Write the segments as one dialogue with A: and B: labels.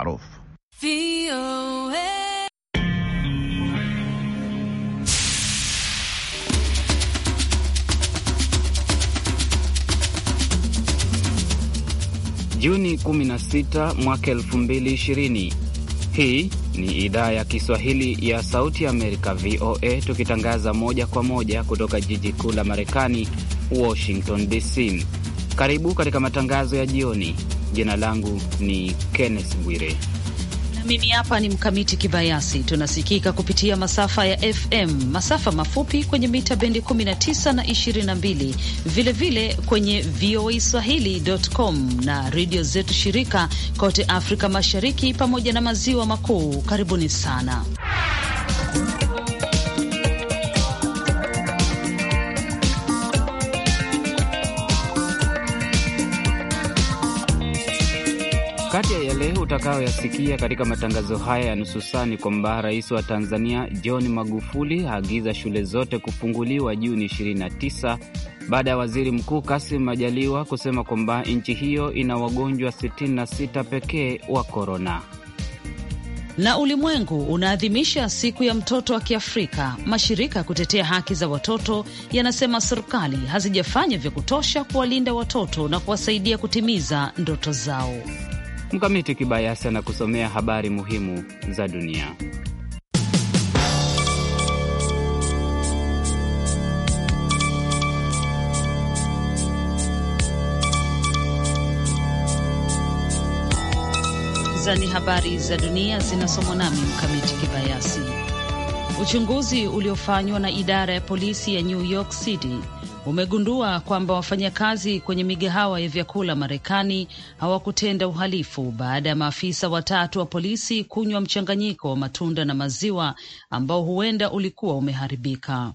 A: Maruf.
B: Juni 16 mwaka 2020. Hii ni idhaa ya Kiswahili ya Sauti Amerika, VOA, tukitangaza moja kwa moja kutoka jiji kuu la Marekani, Washington DC. Karibu katika matangazo ya jioni. Jina langu ni Kenneth Bwire
C: na mimi hapa ni Mkamiti Kibayasi. Tunasikika kupitia masafa ya FM, masafa mafupi kwenye mita bendi 19 na 22, vilevile kwenye VOA swahili.com na redio zetu shirika kote Afrika Mashariki pamoja na Maziwa Makuu. Karibuni sana
B: Kati ya yale utakayoyasikia katika matangazo haya ya nusu saa ni kwamba rais wa Tanzania John Magufuli aagiza shule zote kufunguliwa Juni 29 baada ya waziri mkuu Kasim Majaliwa kusema kwamba nchi hiyo ina wagonjwa 66 pekee wa korona.
C: Na ulimwengu unaadhimisha siku ya mtoto wa Kiafrika. Mashirika ya kutetea haki za watoto yanasema serikali hazijafanya vya kutosha kuwalinda watoto na kuwasaidia kutimiza ndoto zao.
B: Mkamiti Kibayasi anakusomea habari muhimu za dunia.
C: Ni habari za dunia zinasomwa nami Mkamiti Kibayasi. Uchunguzi uliofanywa na idara ya polisi ya New York City umegundua kwamba wafanyakazi kwenye migahawa ya vyakula Marekani hawakutenda uhalifu baada ya maafisa watatu wa polisi kunywa mchanganyiko wa matunda na maziwa ambao huenda ulikuwa umeharibika.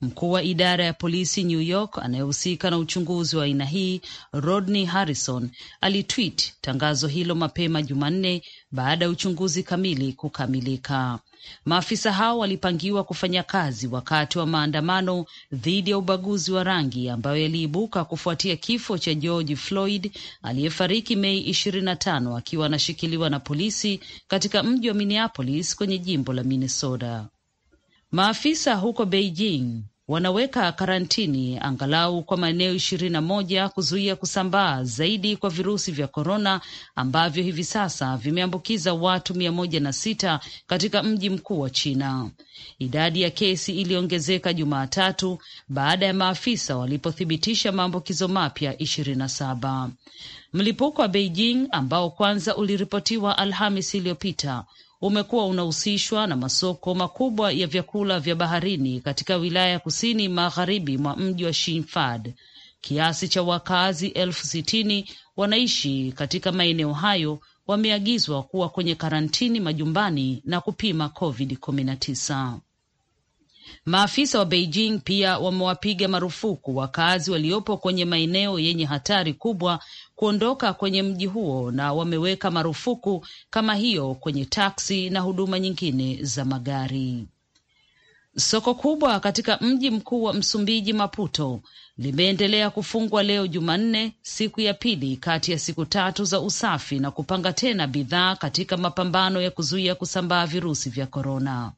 C: Mkuu wa idara ya polisi New York anayehusika na uchunguzi wa aina hii Rodney Harrison alitwit tangazo hilo mapema Jumanne baada ya uchunguzi kamili kukamilika. Maafisa hao walipangiwa kufanya kazi wakati wa maandamano dhidi ya ubaguzi wa rangi ambayo yaliibuka kufuatia kifo cha George Floyd aliyefariki Mei 25 akiwa anashikiliwa na polisi katika mji wa Minneapolis kwenye jimbo la Minnesota. Maafisa huko Beijing wanaweka karantini angalau kwa maeneo ishirini na moja kuzuia kusambaa zaidi kwa virusi vya korona ambavyo hivi sasa vimeambukiza watu mia moja na sita katika mji mkuu wa China. Idadi ya kesi iliongezeka Jumatatu baada ya maafisa walipothibitisha maambukizo mapya ishirini na saba. Mlipuko wa Beijing ambao kwanza uliripotiwa Alhamis iliyopita umekuwa unahusishwa na masoko makubwa ya vyakula vya baharini katika wilaya ya kusini magharibi mwa mji wa Shinfad. Kiasi cha wakazi elfu sitini wanaishi katika maeneo hayo wameagizwa kuwa kwenye karantini majumbani na kupima COVID-19. Maafisa wa Beijing pia wamewapiga marufuku wakazi waliopo kwenye maeneo yenye hatari kubwa kuondoka kwenye mji huo na wameweka marufuku kama hiyo kwenye taksi na huduma nyingine za magari. Soko kubwa katika mji mkuu wa Msumbiji, Maputo, limeendelea kufungwa leo Jumanne, siku ya pili kati ya siku tatu za usafi na kupanga tena bidhaa katika mapambano ya kuzuia kusambaa virusi vya korona.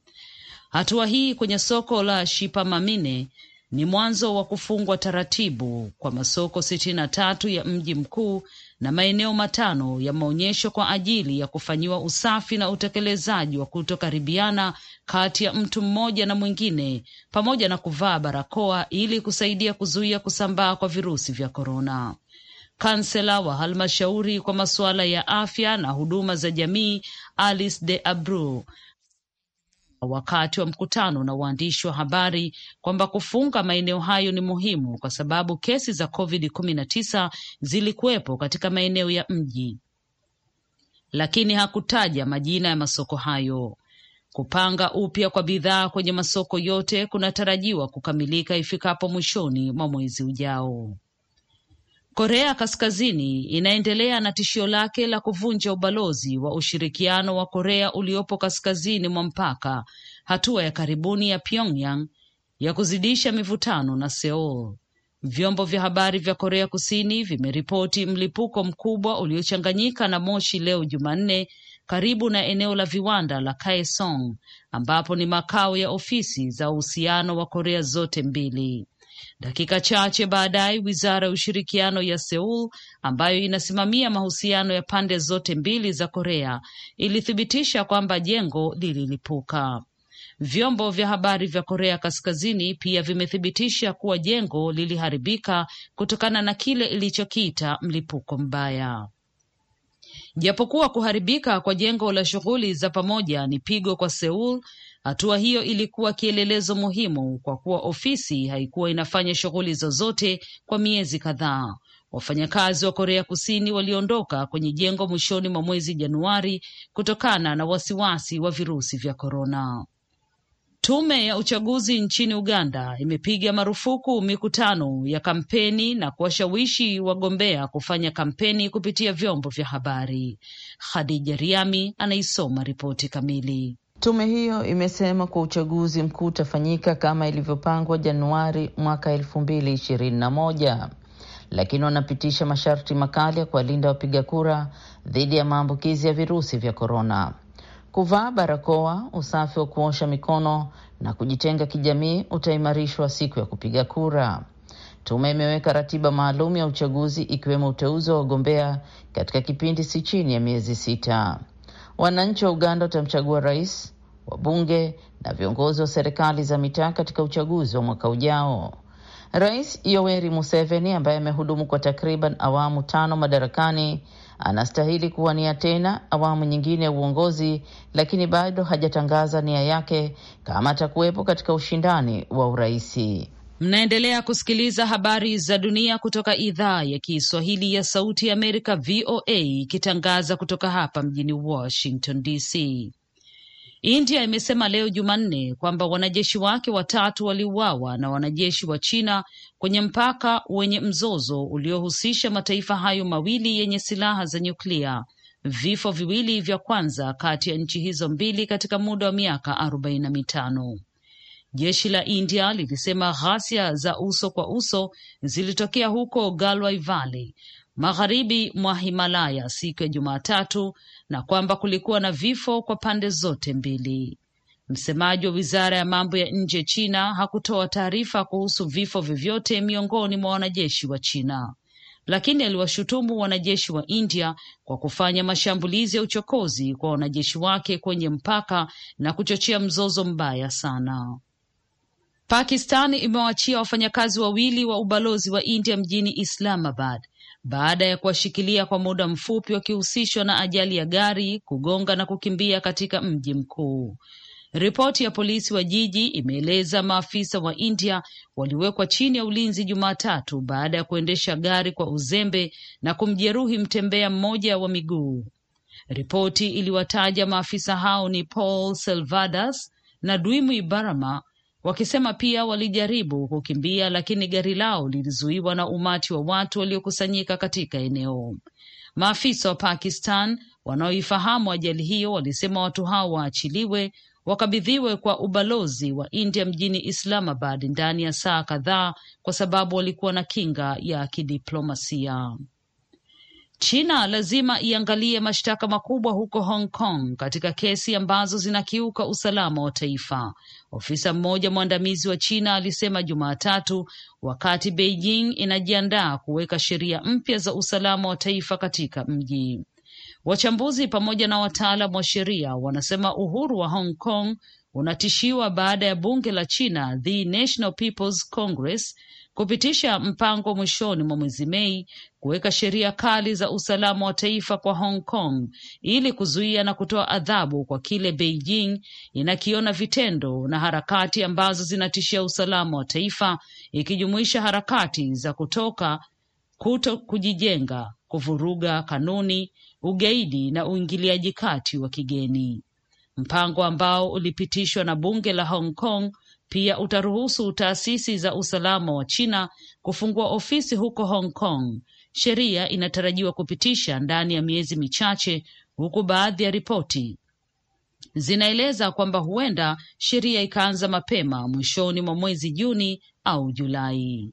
C: Hatua hii kwenye soko la Shipamamine ni mwanzo wa kufungwa taratibu kwa masoko sitini na tatu ya mji mkuu na maeneo matano ya maonyesho kwa ajili ya kufanyiwa usafi na utekelezaji wa kutokaribiana kati ya mtu mmoja na mwingine pamoja na kuvaa barakoa ili kusaidia kuzuia kusambaa kwa virusi vya korona. Kansela wa halmashauri kwa masuala ya afya na huduma za jamii Alice de Abreu wakati wa mkutano na waandishi wa habari kwamba kufunga maeneo hayo ni muhimu kwa sababu kesi za COVID-19 zilikuwepo katika maeneo ya mji, lakini hakutaja majina ya masoko hayo. Kupanga upya kwa bidhaa kwenye masoko yote kunatarajiwa kukamilika ifikapo mwishoni mwa mwezi ujao. Korea Kaskazini inaendelea na tishio lake la kuvunja ubalozi wa ushirikiano wa Korea uliopo kaskazini mwa mpaka, hatua ya karibuni ya Pyongyang ya kuzidisha mivutano na Seoul. Vyombo vya habari vya Korea Kusini vimeripoti mlipuko mkubwa uliochanganyika na moshi leo Jumanne karibu na eneo la viwanda la Kaesong ambapo ni makao ya ofisi za uhusiano wa Korea zote mbili. Dakika chache baadaye, wizara ya ushirikiano ya seul ambayo inasimamia mahusiano ya pande zote mbili za Korea ilithibitisha kwamba jengo lililipuka. Vyombo vya habari vya Korea Kaskazini pia vimethibitisha kuwa jengo liliharibika kutokana na kile ilichokiita mlipuko mbaya. Japokuwa kuharibika kwa jengo la shughuli za pamoja ni pigo kwa seul Hatua hiyo ilikuwa kielelezo muhimu kwa kuwa ofisi haikuwa inafanya shughuli zozote kwa miezi kadhaa. Wafanyakazi wa Korea Kusini waliondoka kwenye jengo mwishoni mwa mwezi Januari kutokana na wasiwasi wa virusi vya korona. Tume ya uchaguzi nchini Uganda imepiga marufuku mikutano ya kampeni na kuwashawishi wagombea kufanya kampeni kupitia vyombo vya habari. Khadija Riami anaisoma ripoti kamili.
D: Tume hiyo imesema kwa uchaguzi mkuu utafanyika kama ilivyopangwa Januari mwaka elfu mbili ishirini na moja, lakini wanapitisha masharti makali ya kuwalinda wapiga kura dhidi ya maambukizi ya virusi vya korona. Kuvaa barakoa, usafi wa kuosha mikono na kujitenga kijamii utaimarishwa siku ya kupiga kura. Tume imeweka ratiba maalum ya uchaguzi, ikiwemo uteuzi wa wagombea katika kipindi si chini ya miezi sita. Wananchi wa Uganda watamchagua rais, wabunge na viongozi wa serikali za mitaa katika uchaguzi wa mwaka ujao. Rais Yoweri Museveni ambaye amehudumu kwa takriban awamu tano madarakani anastahili kuwania tena awamu nyingine ya uongozi, lakini bado hajatangaza nia yake kama atakuwepo katika ushindani wa uraisi.
C: Mnaendelea kusikiliza habari za dunia kutoka idhaa ya Kiswahili ya Sauti ya Amerika, VOA, ikitangaza kutoka hapa mjini Washington DC. India imesema leo Jumanne kwamba wanajeshi wake watatu waliuawa na wanajeshi wa China kwenye mpaka wenye mzozo uliohusisha mataifa hayo mawili yenye silaha za nyuklia, vifo viwili vya kwanza kati ya nchi hizo mbili katika muda wa miaka arobaini na mitano. Jeshi la India lilisema ghasia za uso kwa uso zilitokea huko Galway Valley magharibi mwa Himalaya siku ya Jumatatu na kwamba kulikuwa na vifo kwa pande zote mbili. Msemaji wa wizara ya mambo ya nje China hakutoa taarifa kuhusu vifo vyovyote miongoni mwa wanajeshi wa China, lakini aliwashutumu wanajeshi wa India kwa kufanya mashambulizi ya uchokozi kwa wanajeshi wake kwenye mpaka na kuchochea mzozo mbaya sana. Pakistan imewaachia wafanyakazi wawili wa ubalozi wa India mjini Islamabad baada ya kuwashikilia kwa muda mfupi wakihusishwa na ajali ya gari kugonga na kukimbia katika mji mkuu. Ripoti ya polisi wa jiji imeeleza maafisa wa India waliwekwa chini ya ulinzi Jumatatu baada ya kuendesha gari kwa uzembe na kumjeruhi mtembea mmoja wa miguu. Ripoti iliwataja maafisa hao ni Paul Selvadas na Dwimi Barama wakisema pia walijaribu kukimbia, lakini gari lao lilizuiwa na umati wa watu waliokusanyika katika eneo. Maafisa wa Pakistan wanaoifahamu ajali hiyo walisema watu hao waachiliwe, wakabidhiwe kwa ubalozi wa India mjini Islamabad ndani ya saa kadhaa, kwa sababu walikuwa na kinga ya kidiplomasia. China lazima iangalie mashtaka makubwa huko Hong Kong katika kesi ambazo zinakiuka usalama wa taifa, ofisa mmoja mwandamizi wa China alisema Jumatatu, wakati Beijing inajiandaa kuweka sheria mpya za usalama wa taifa katika mji. Wachambuzi pamoja na wataalam wa sheria wanasema uhuru wa Hong Kong unatishiwa baada ya bunge la China, the National People's Congress kupitisha mpango mwishoni mwa mwezi Mei kuweka sheria kali za usalama wa taifa kwa Hong Kong ili kuzuia na kutoa adhabu kwa kile Beijing inakiona vitendo na harakati ambazo zinatishia usalama wa taifa ikijumuisha harakati za kutoka kuto kujijenga, kuvuruga kanuni, ugaidi na uingiliaji kati wa kigeni, mpango ambao ulipitishwa na bunge la Hong Kong pia utaruhusu taasisi za usalama wa China kufungua ofisi huko Hong Kong. Sheria inatarajiwa kupitisha ndani ya miezi michache, huku baadhi ya ripoti zinaeleza kwamba huenda sheria ikaanza mapema mwishoni mwa mwezi Juni au Julai.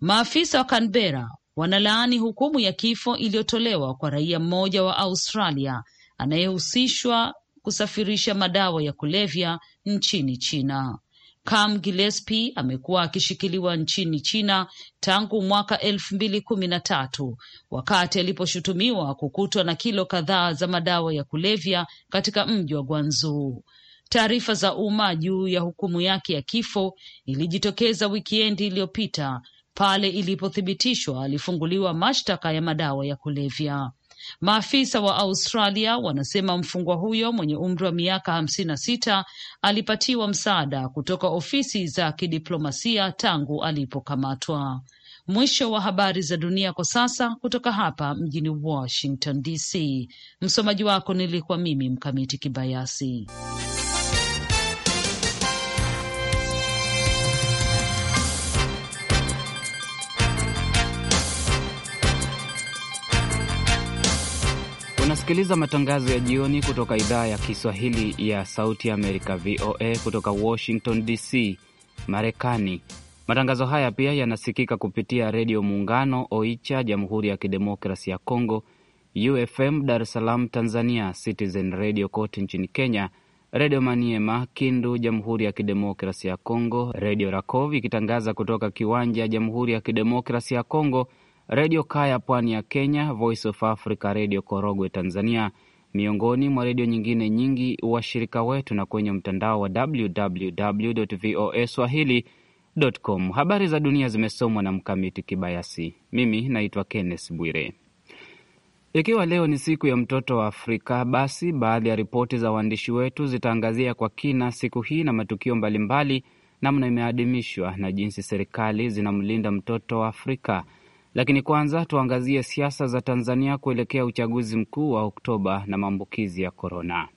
C: Maafisa wa Canberra wanalaani hukumu ya kifo iliyotolewa kwa raia mmoja wa Australia anayehusishwa kusafirisha madawa ya kulevya nchini China. Cam Gillespie amekuwa akishikiliwa nchini China tangu mwaka elfu mbili kumi na tatu wakati aliposhutumiwa kukutwa na kilo kadhaa za madawa ya kulevya katika mji wa Guangzhou. Taarifa za umma juu ya hukumu yake ya kifo ilijitokeza wikiendi iliyopita pale ilipothibitishwa alifunguliwa mashtaka ya madawa ya kulevya. Maafisa wa Australia wanasema mfungwa huyo mwenye umri wa miaka hamsini na sita alipatiwa msaada kutoka ofisi za kidiplomasia tangu alipokamatwa. Mwisho wa habari za dunia kwa sasa, kutoka hapa mjini Washington DC. Msomaji wako nilikuwa mimi Mkamiti Kibayasi.
B: Unasikiliza matangazo ya jioni kutoka idhaa ya Kiswahili ya Sauti ya Amerika, VOA, kutoka Washington DC, Marekani. Matangazo haya pia yanasikika kupitia Redio Muungano Oicha, Jamhuri ya Kidemokrasi ya congo UFM Dar es Salaam Tanzania, Citizen Radio kote nchini Kenya, Redio Maniema Kindu, Jamhuri ya Kidemokrasi ya congo Redio Rakov ikitangaza kutoka Kiwanja, Jamhuri ya Kidemokrasi ya congo Redio Kaya pwani ya Kenya, Voice of Africa, Redio Korogwe Tanzania, miongoni mwa redio nyingine nyingi washirika wetu, na kwenye mtandao wa www voa swahili.com. Habari za dunia zimesomwa na Mkamiti Kibayasi. Mimi naitwa Kenneth Bwire. Ikiwa leo ni siku ya mtoto wa Afrika, basi baadhi ya ripoti za waandishi wetu zitaangazia kwa kina siku hii na matukio mbalimbali, namna imeadhimishwa na jinsi serikali zinamlinda mtoto wa Afrika. Lakini kwanza tuangazie siasa za Tanzania kuelekea uchaguzi mkuu wa Oktoba na maambukizi ya korona.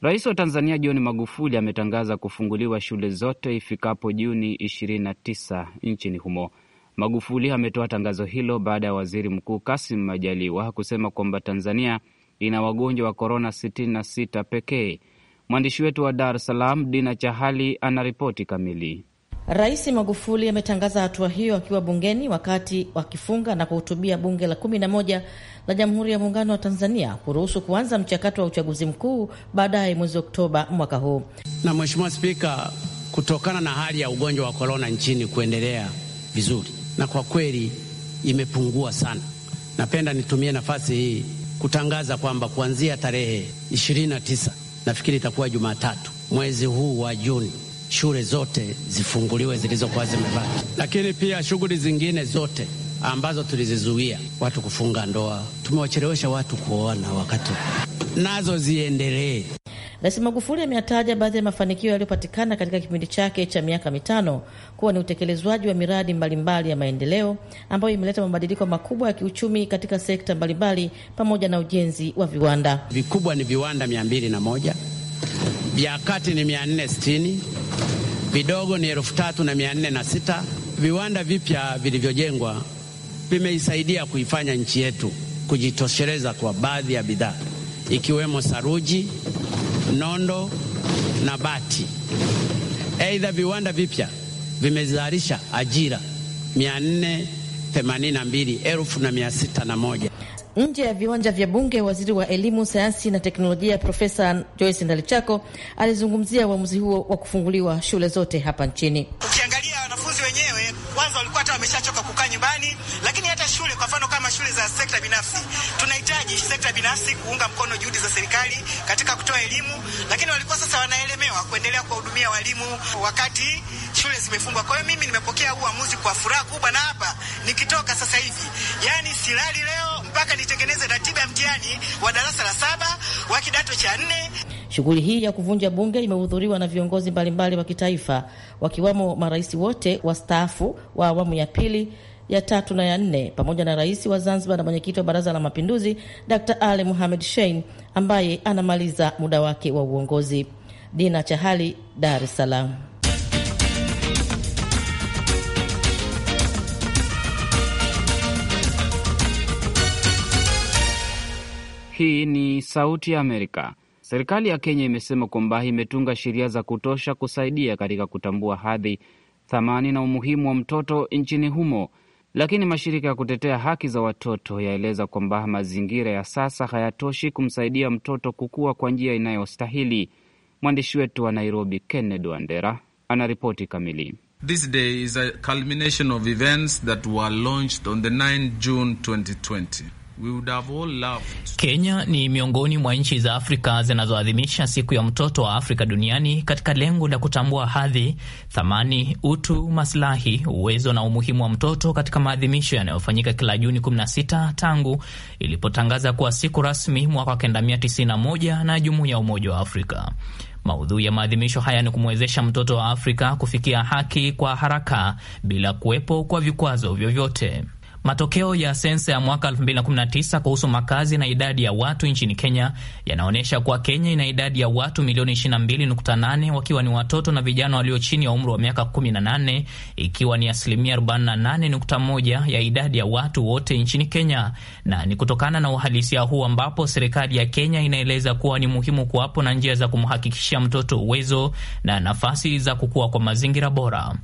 B: Rais wa Tanzania John Magufuli ametangaza kufunguliwa shule zote ifikapo Juni 29 nchini humo. Magufuli ametoa tangazo hilo baada ya waziri mkuu Kasim Majaliwa kusema kwamba Tanzania ina wagonjwa wa korona 66 pekee. Mwandishi wetu wa Dar es Salaam, Dina Chahali, anaripoti kamili.
D: Rais Magufuli ametangaza hatua hiyo akiwa bungeni wakati wakifunga na kuhutubia bunge la kumi na moja la Jamhuri ya Muungano wa Tanzania kuruhusu kuanza mchakato wa uchaguzi mkuu baadaye mwezi Oktoba mwaka huu.
E: Na Mheshimiwa Spika, kutokana na hali ya ugonjwa wa korona nchini kuendelea vizuri na kwa kweli imepungua sana, napenda nitumie nafasi hii kutangaza kwamba kuanzia tarehe 29 nafikiri itakuwa Jumatatu mwezi huu wa Juni shule zote zifunguliwe zilizokuwa zimebaki, lakini pia shughuli zingine zote ambazo tulizizuia watu kufunga ndoa, tumewachelewesha watu kuoana, wakati nazo ziendelee.
D: Rais Magufuli ameyataja baadhi ya mafanikio yaliyopatikana katika kipindi chake cha miaka mitano kuwa ni utekelezwaji wa miradi mbalimbali mbali ya maendeleo ambayo imeleta mabadiliko makubwa ya kiuchumi katika sekta mbalimbali mbali, pamoja na ujenzi wa viwanda
E: vikubwa. Ni viwanda mia mbili na moja vya kati ni mia nne sitini vidogo ni elfu tatu na mia nne na sita Viwanda vipya vilivyojengwa vimeisaidia kuifanya nchi yetu kujitosheleza kwa baadhi ya bidhaa ikiwemo saruji, nondo na bati. Aidha, viwanda vipya vimezalisha ajira mia nne themanini na mbili elfu na mia sita na moja.
D: Nje ya viwanja vya Bunge, waziri wa elimu, sayansi na teknolojia Profesa Joyce Ndalichako alizungumzia uamuzi huo wa kufunguliwa shule zote hapa nchini.
E: Ukiangalia wanafunzi wenyewe kwanza walikuwa hata wameshachoka kukaa nyumbani, lakini hata shule, kwa mfano kama shule za sekta binafsi, tunahitaji sekta binafsi kuunga mkono juhudi za serikali katika kutoa elimu, lakini walikuwa sasa wanaelemewa kuendelea kuwahudumia walimu wakati shule zimefungwa. Kwa hiyo mimi nimepokea huu uamuzi kwa furaha kubwa, na hapa nikitoka sasa hivi, yani silali leo mpaka nitengeneze ratiba ya mtihani wa darasa la saba wa kidato cha
D: nne. Shughuli hii ya kuvunja bunge imehudhuriwa na viongozi mbalimbali wa kitaifa wakiwamo marais wote wastaafu wa awamu ya pili ya tatu na ya nne pamoja na rais wa Zanzibar na mwenyekiti wa Baraza la Mapinduzi Dr Ali muhamed Shein ambaye anamaliza muda wake wa uongozi. Dina Chahali, Dar es Salaam.
B: Hii ni Sauti ya Amerika. Serikali ya Kenya imesema kwamba imetunga sheria za kutosha kusaidia katika kutambua hadhi, thamani na umuhimu wa mtoto nchini humo, lakini mashirika ya kutetea haki za watoto yaeleza kwamba mazingira ya sasa hayatoshi kumsaidia mtoto kukua kwa njia inayostahili. Mwandishi wetu wa Nairobi, Kenneth Wandera, anaripoti kamili.
F: This day is a culmination of events that were launched on the 9 June 2020.
G: Kenya ni miongoni mwa nchi za Afrika zinazoadhimisha siku ya mtoto wa Afrika duniani katika lengo la kutambua hadhi, thamani, utu, maslahi, uwezo na umuhimu wa mtoto katika maadhimisho yanayofanyika kila Juni 16 tangu ilipotangaza kuwa siku rasmi mwaka 1991 na Jumuiya ya Umoja wa Afrika. Maudhui ya maadhimisho haya ni kumwezesha mtoto wa Afrika kufikia haki kwa haraka bila kuwepo kwa vikwazo vyovyote. Matokeo ya sensa ya mwaka 2019 kuhusu makazi na idadi ya watu nchini Kenya yanaonyesha kuwa Kenya ina idadi ya watu milioni 22.8 wakiwa ni watoto na vijana walio chini ya umri wa miaka 18, ikiwa ni asilimia 48.1 ya idadi ya watu wote nchini Kenya. Na ni kutokana na uhalisia huu ambapo serikali ya Kenya inaeleza kuwa ni muhimu kuwapo na njia za kumhakikishia mtoto uwezo na nafasi za kukua kwa mazingira bora.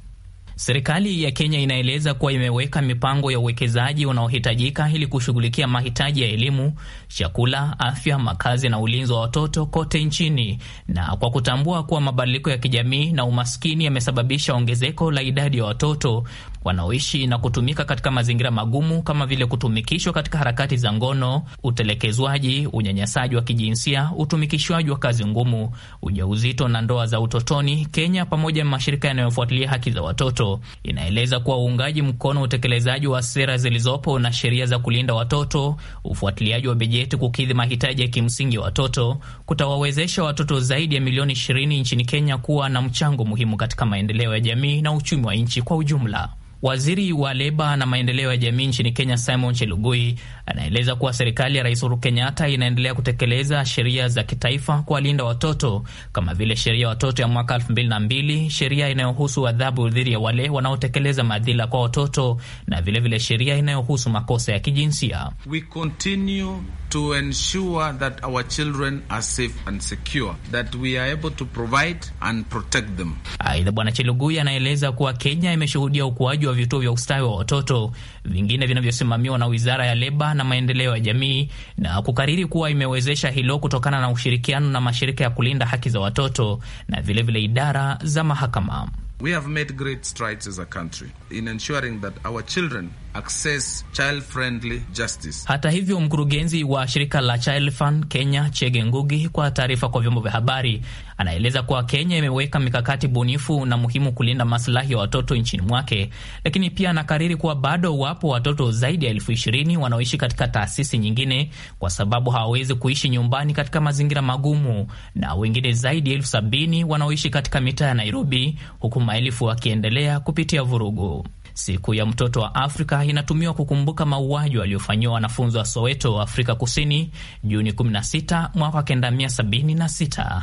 G: Serikali ya Kenya inaeleza kuwa imeweka mipango ya uwekezaji unaohitajika ili kushughulikia mahitaji ya elimu, chakula, afya, makazi na ulinzi wa watoto kote nchini, na kwa kutambua kuwa mabadiliko ya kijamii na umaskini yamesababisha ongezeko la idadi ya watoto wanaoishi na kutumika katika mazingira magumu kama vile kutumikishwa katika harakati za ngono, utelekezwaji, unyanyasaji wa kijinsia, utumikishwaji wa kazi ngumu, ujauzito na ndoa za utotoni, Kenya pamoja na mashirika yanayofuatilia haki za watoto watoto inaeleza kuwa uungaji mkono utekelezaji wa sera zilizopo na sheria za kulinda watoto, ufuatiliaji wa bajeti kukidhi mahitaji ya kimsingi ya watoto kutawawezesha watoto zaidi ya milioni 20 nchini Kenya kuwa na mchango muhimu katika maendeleo ya jamii na uchumi wa nchi kwa ujumla. Waziri wa leba na maendeleo ya jamii nchini Kenya, Simon Chelugui, anaeleza kuwa serikali ya Rais Uhuru Kenyatta inaendelea kutekeleza sheria za kitaifa kuwalinda watoto kama vile sheria ya watoto ya mwaka 2002, sheria inayohusu adhabu dhidi ya wale wanaotekeleza madhila kwa watoto na vilevile sheria inayohusu makosa ya kijinsia.
F: We continue to ensure that our children
G: are safe and secure, that we are able to provide and protect them. Aidha, Bwana Chelugui anaeleza kuwa Kenya imeshuhudia ukuaji wa vituo vya ustawi wa watoto, vingine vinavyosimamiwa na Wizara ya Leba na Maendeleo ya Jamii, na kukariri kuwa imewezesha hilo kutokana na ushirikiano na mashirika ya kulinda haki za watoto na vilevile vile idara za mahakama.
F: We have made great strides as a country in ensuring that our children access child-friendly justice.
G: Hata hivyo, mkurugenzi wa shirika la Child Fund Kenya Chege Ngugi, kwa taarifa kwa vyombo vya habari Anaeleza kuwa Kenya imeweka mikakati bunifu na muhimu kulinda masilahi ya watoto nchini mwake, lakini pia anakariri kuwa bado wapo watoto zaidi ya elfu ishirini wanaoishi katika taasisi nyingine kwa sababu hawawezi kuishi nyumbani katika mazingira magumu, na wengine zaidi ya elfu sabini wanaoishi katika mitaa ya Nairobi, huku maelfu wakiendelea kupitia vurugu. Siku ya mtoto wa Afrika inatumiwa kukumbuka mauaji waliofanyiwa wanafunzi wa Soweto, Afrika Kusini, Juni 16 mwaka 1976.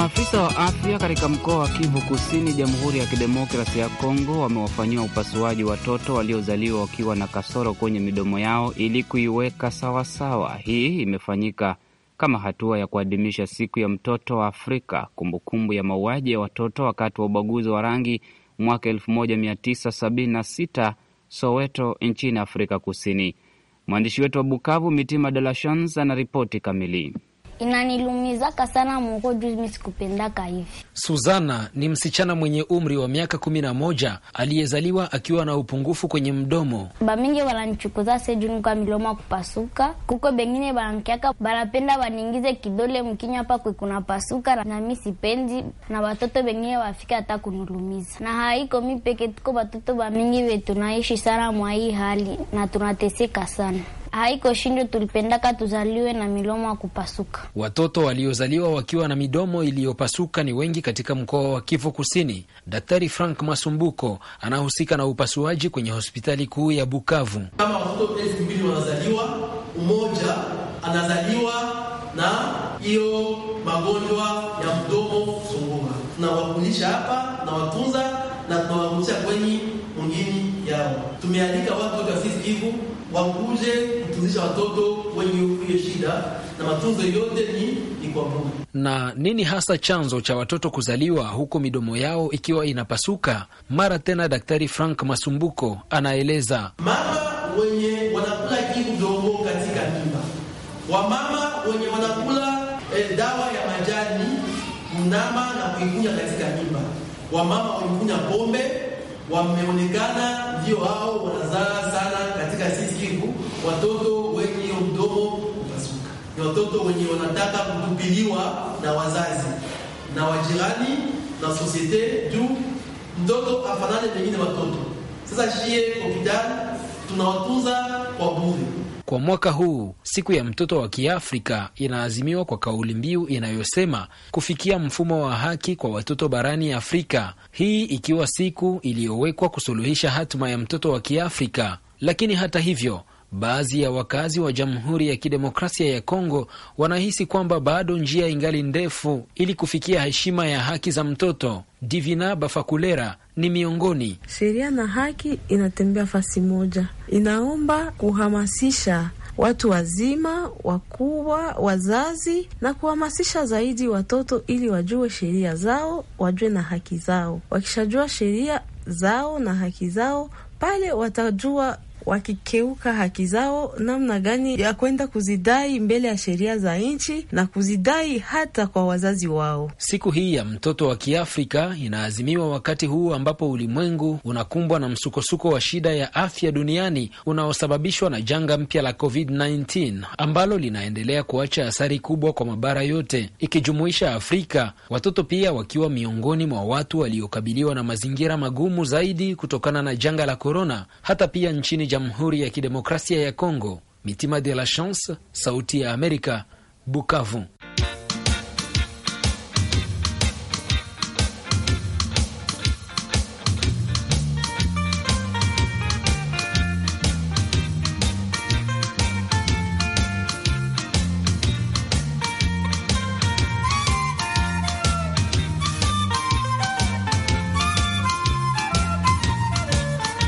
B: Maafisa wa afya katika mkoa wa Kivu Kusini, Jamhuri ya Kidemokrasi ya Kongo, wamewafanyia upasuaji watoto waliozaliwa wakiwa na kasoro kwenye midomo yao ili kuiweka sawasawa. Hii imefanyika kama hatua ya kuadhimisha siku ya mtoto wa Afrika, kumbukumbu ya mauaji ya watoto wakati wa ubaguzi wa rangi mwaka 1976 Soweto, nchini Afrika Kusini. Mwandishi wetu wa Bukavu, Mitima De La Chans, ana ripoti
H: kamili
G: inanilumizaka sana mungo juu mi sikupendaka hivi.
H: Suzana ni msichana mwenye umri wa miaka kumi na moja aliyezaliwa akiwa na upungufu kwenye mdomo.
G: Bamingi wananichukuza sejunuka miloma kupasuka, kuko bengine banankiaka banapenda baniingize kidole mkinywa hapa kwekuna pasuka, nami sipendi na watoto bengine wafika hata kunulumiza, na haiko mi peke, tuko watoto bamingi vetunaishi sana mwa hii hali na tunateseka sana haiko shindo, tulipendaka tuzaliwe na milomo ya kupasuka.
H: Watoto waliozaliwa wakiwa na midomo iliyopasuka ni wengi katika mkoa wa Kivu Kusini. Daktari Frank Masumbuko anahusika na upasuaji kwenye hospitali kuu ya Bukavu.
A: Kama watoto elfu mbili wanazaliwa, umoja anazaliwa na hiyo magonjwa ya mdomo sunguma. Tunawafundisha hapa na watunza na tunawakunisha kwenye mwingine yao. Tumealika watu wote wa sisi Kivu wakuje kutunzisha watoto wenye hiyo shida, na matunzo yote ni, ni kwa Mungu.
H: Na nini hasa chanzo cha watoto kuzaliwa huku midomo yao ikiwa inapasuka mara tena? Daktari Frank Masumbuko anaeleza mama
A: wenye wanakula kitu dogo katika mimba, wamama wenye wanakula eh, dawa ya majani mnama na kuikunya katika mimba, wamama wamekunya pombe, wameonekana ndio hao wanazaa sana watoto wenye mdomo mpasuka ni watoto wenye wanataka kutupiliwa na wazazi na wajirani na sosiete, juu mtoto afanane mengine watoto. Sasa shie kopidani tunawatunza
H: kwa bure. Kwa mwaka huu siku ya mtoto wa Kiafrika inaazimiwa kwa kauli mbiu inayosema kufikia mfumo wa haki kwa watoto barani Afrika, hii ikiwa siku iliyowekwa kusuluhisha hatima ya mtoto wa Kiafrika. Lakini hata hivyo Baadhi ya wakazi wa Jamhuri ya Kidemokrasia ya Kongo wanahisi kwamba bado njia ingali ndefu ili kufikia heshima ya haki za mtoto. Divina Bafakulera ni miongoni.
D: Sheria na haki inatembea fasi moja, inaomba kuhamasisha watu wazima, wakubwa, wazazi na kuhamasisha zaidi watoto ili wajue sheria zao, wajue na haki zao. Wakishajua sheria zao na haki zao, pale watajua wakikeuka haki zao, namna gani ya kwenda kuzidai mbele ya sheria za nchi na kuzidai hata kwa wazazi wao.
H: Siku hii ya mtoto wa Kiafrika inaazimiwa wakati huu ambapo ulimwengu unakumbwa na msukosuko wa shida ya afya duniani unaosababishwa na janga mpya la COVID-19 ambalo linaendelea kuacha athari kubwa kwa mabara yote ikijumuisha Afrika, watoto pia wakiwa miongoni mwa watu waliokabiliwa na mazingira magumu zaidi kutokana na janga la korona, hata pia nchini Jamhuri ya Kidemokrasia ya Kongo, Mitima de la Chance, Sauti ya Amerika, Bukavu.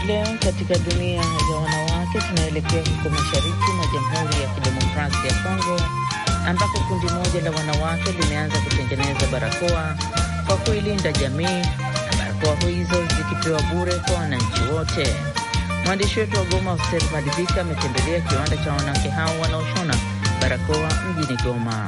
D: Leo katika dunia yake tunaelekea huko mashariki mwa Jamhuri ya Kidemokrasia ya Kongo ambako kundi moja la wanawake limeanza kutengeneza barakoa kwa kuilinda jamii na barakoa hizo zikipewa bure kwa wananchi wote. Mwandishi wetu wa Goma Hoster Malivika ametembelea kiwanda cha wanawake hao wanaoshona barakoa mjini
F: Goma.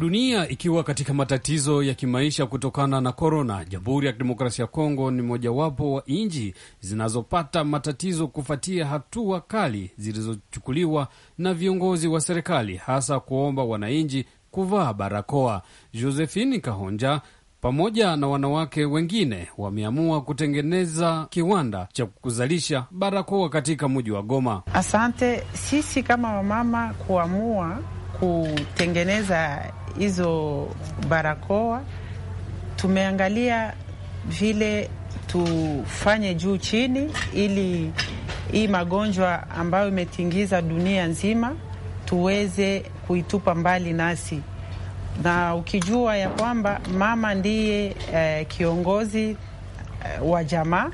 F: Dunia ikiwa katika matatizo ya kimaisha kutokana na korona, Jamhuri ya Kidemokrasia ya Kongo ni mojawapo wa nchi zinazopata matatizo kufuatia hatua kali zilizochukuliwa na viongozi wa serikali, hasa kuomba wananchi kuvaa barakoa. Josephine Kahonja pamoja na wanawake wengine wameamua kutengeneza kiwanda cha kuzalisha barakoa katika mji wa Goma.
I: Asante. Sisi kama wamama kuamua kutengeneza hizo barakoa, tumeangalia vile tufanye juu chini, ili hii magonjwa ambayo imetingiza dunia nzima tuweze kuitupa mbali nasi, na ukijua ya kwamba mama ndiye eh, kiongozi eh, wa jamaa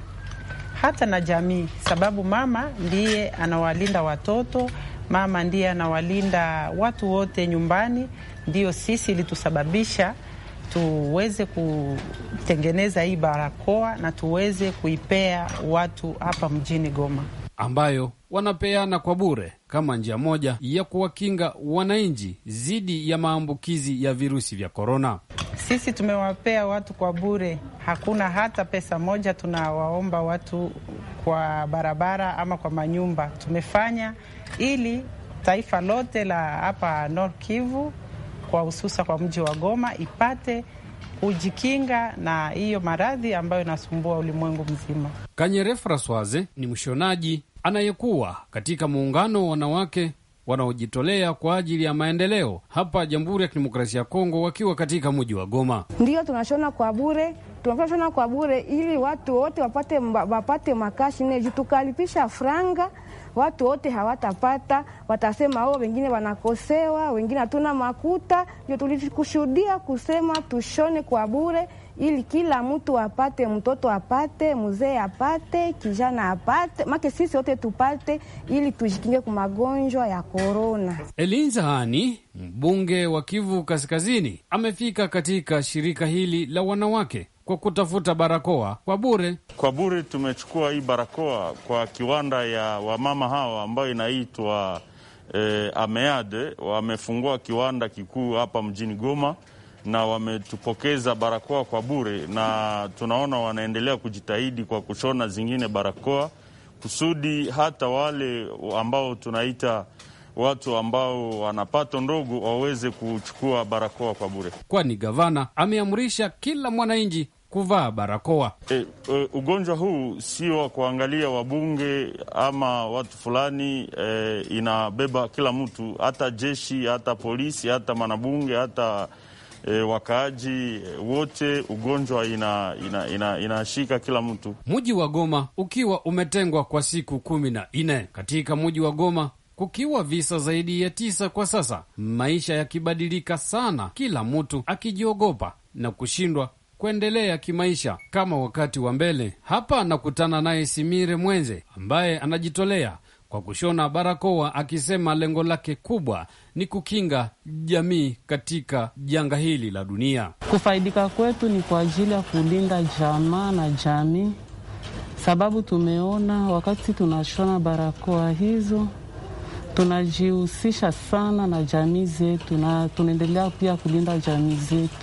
I: hata na jamii, sababu mama ndiye anawalinda watoto Mama ndiye anawalinda watu wote nyumbani, ndiyo sisi ilitusababisha tuweze kutengeneza hii barakoa na tuweze kuipea watu hapa mjini Goma
F: ambayo wanapeana kwa bure kama njia moja ya kuwakinga wananchi dhidi ya maambukizi ya virusi vya korona.
I: Sisi tumewapea watu kwa bure, hakuna hata pesa moja. Tunawaomba watu kwa barabara ama kwa manyumba, tumefanya ili taifa lote la hapa North Kivu kwa hususa kwa mji wa Goma ipate kujikinga na hiyo maradhi ambayo inasumbua ulimwengu mzima.
F: Kanyere Fraswaze ni mshonaji anayekuwa katika muungano wa wanawake wanaojitolea kwa ajili ya maendeleo hapa Jamhuri ya Kidemokrasia ya Kongo, wakiwa katika mji wa Goma.
D: Ndiyo tunashona kwa bure, tunashona kwa bure ili watu wote wapate, wapate makashi neji, tukalipisha franga watu wote hawatapata, watasema o, oh, wengine wanakosewa, wengine hatuna makuta. Ndio tulikushuhudia kusema tushone kwa bure ili kila mtu apate, mtoto apate, mzee apate, kijana apate, make sisi wote tupate, ili tujikinge kwa magonjwa
I: ya korona.
F: Elinza Hani, mbunge wa Kivu Kaskazini, amefika katika shirika hili la wanawake kwa kutafuta barakoa kwa bure.
B: Kwa bure tumechukua hii barakoa kwa kiwanda ya wamama hawa ambayo inaitwa e, Ameade. Wamefungua kiwanda kikuu hapa mjini Goma na wametupokeza barakoa kwa bure, na tunaona wanaendelea kujitahidi kwa kushona zingine barakoa kusudi hata wale ambao tunaita watu ambao wanapato ndogo waweze kuchukua barakoa kwa bure,
F: kwani gavana ameamrisha kila mwananchi kuvaa barakoa.
B: E, e, ugonjwa huu sio wa kuangalia wabunge ama watu fulani e, inabeba kila mtu, hata jeshi, hata polisi, hata mwanabunge hata E, wakaaji wote ugonjwa inashika ina, ina, ina kila mtu.
F: Mji wa Goma ukiwa umetengwa kwa siku kumi na nne katika mji wa Goma kukiwa visa zaidi ya tisa kwa sasa, maisha yakibadilika sana, kila mtu akijiogopa na kushindwa kuendelea kimaisha kama wakati wa mbele. Hapa nakutana naye Simire Mwenze ambaye anajitolea kwa kushona barakoa, akisema lengo lake kubwa ni kukinga jamii katika janga hili la dunia.
B: Kufaidika kwetu ni kwa ajili ya kulinda jamaa na jamii, sababu tumeona wakati tunashona barakoa hizo tunajihusisha sana na jamii zetu, na tunaendelea pia kulinda jamii zetu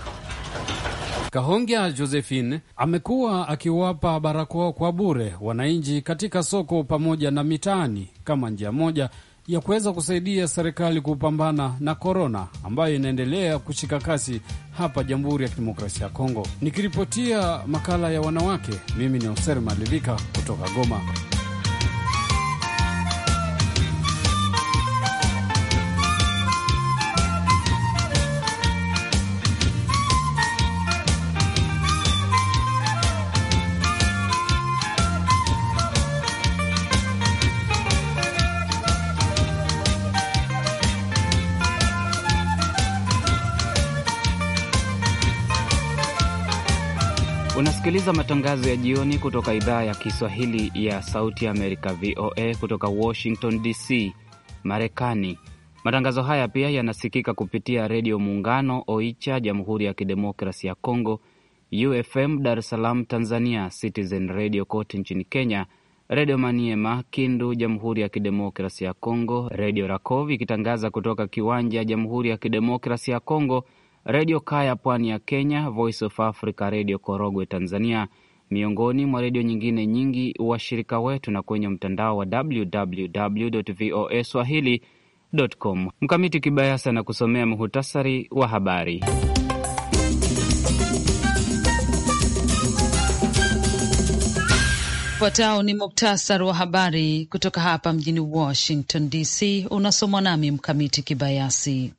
F: Kahongya Josephine amekuwa akiwapa barakoa kwa bure wananchi katika soko pamoja na mitaani kama njia moja ya kuweza kusaidia serikali kupambana na korona ambayo inaendelea kushika kasi hapa Jamhuri ya Kidemokrasia ya Kongo. Nikiripotia makala ya wanawake, mimi ni Hoser Malivika kutoka Goma.
B: Unasikiliza matangazo ya jioni kutoka idhaa ya Kiswahili ya Sauti ya Amerika, VOA, kutoka Washington DC, Marekani. Matangazo haya pia yanasikika kupitia Redio Muungano Oicha, Jamhuri ya Kidemokrasi ya congo UFM Dar es Salaam Tanzania, Citizen Radio kote nchini Kenya, Redio Maniema Kindu, Jamhuri ya Kidemokrasi ya congo Redio Rakov ikitangaza kutoka Kiwanja, Jamhuri ya Kidemokrasi ya congo Redio Kaya pwani ya Kenya, Voice of Africa, Redio Korogwe Tanzania, miongoni mwa redio nyingine nyingi washirika wetu, na kwenye mtandao wa www voa swahili.com. Mkamiti Kibayasi anakusomea muhutasari wa habari.
C: Ufuatao ni muktasari wa habari kutoka hapa mjini Washington DC, unasomwa nami Mkamiti Kibayasi.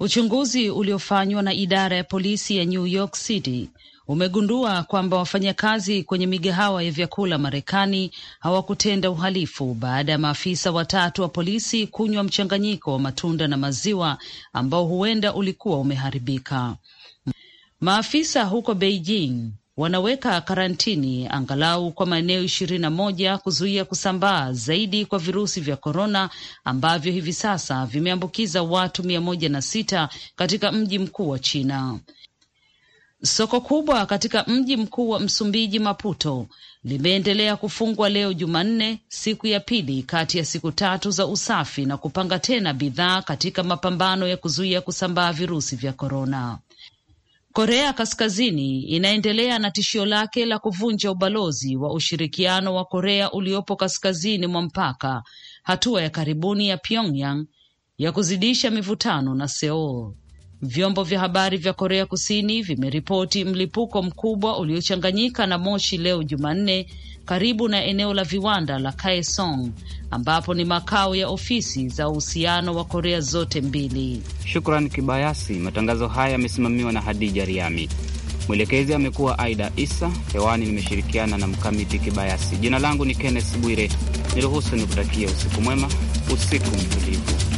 C: Uchunguzi uliofanywa na idara ya polisi ya New York City umegundua kwamba wafanyakazi kwenye migahawa ya vyakula Marekani hawakutenda uhalifu baada ya maafisa watatu wa polisi kunywa mchanganyiko wa matunda na maziwa ambao huenda ulikuwa umeharibika. Maafisa huko Beijing wanaweka karantini angalau kwa maeneo ishirini na moja kuzuia kusambaa zaidi kwa virusi vya korona ambavyo hivi sasa vimeambukiza watu mia moja na sita katika mji mkuu wa China. Soko kubwa katika mji mkuu wa Msumbiji, Maputo, limeendelea kufungwa leo Jumanne, siku ya pili kati ya siku tatu za usafi na kupanga tena bidhaa katika mapambano ya kuzuia kusambaa virusi vya korona. Korea Kaskazini inaendelea na tishio lake la kuvunja ubalozi wa ushirikiano wa Korea uliopo kaskazini mwa mpaka, hatua ya karibuni ya Pyongyang ya kuzidisha mivutano na Seoul. Vyombo vya habari vya Korea Kusini vimeripoti mlipuko mkubwa uliochanganyika na moshi leo Jumanne karibu na eneo la viwanda la Kaesong ambapo ni makao ya ofisi za uhusiano wa Korea zote mbili.
B: Shukran Kibayasi. Matangazo haya yamesimamiwa na Hadija Riami, mwelekezi amekuwa Aida Isa. Hewani nimeshirikiana na Mkamiti Kibayasi. Jina langu ni Kenneth Bwire, niruhusu nikutakia usiku mwema, usiku mtulivu.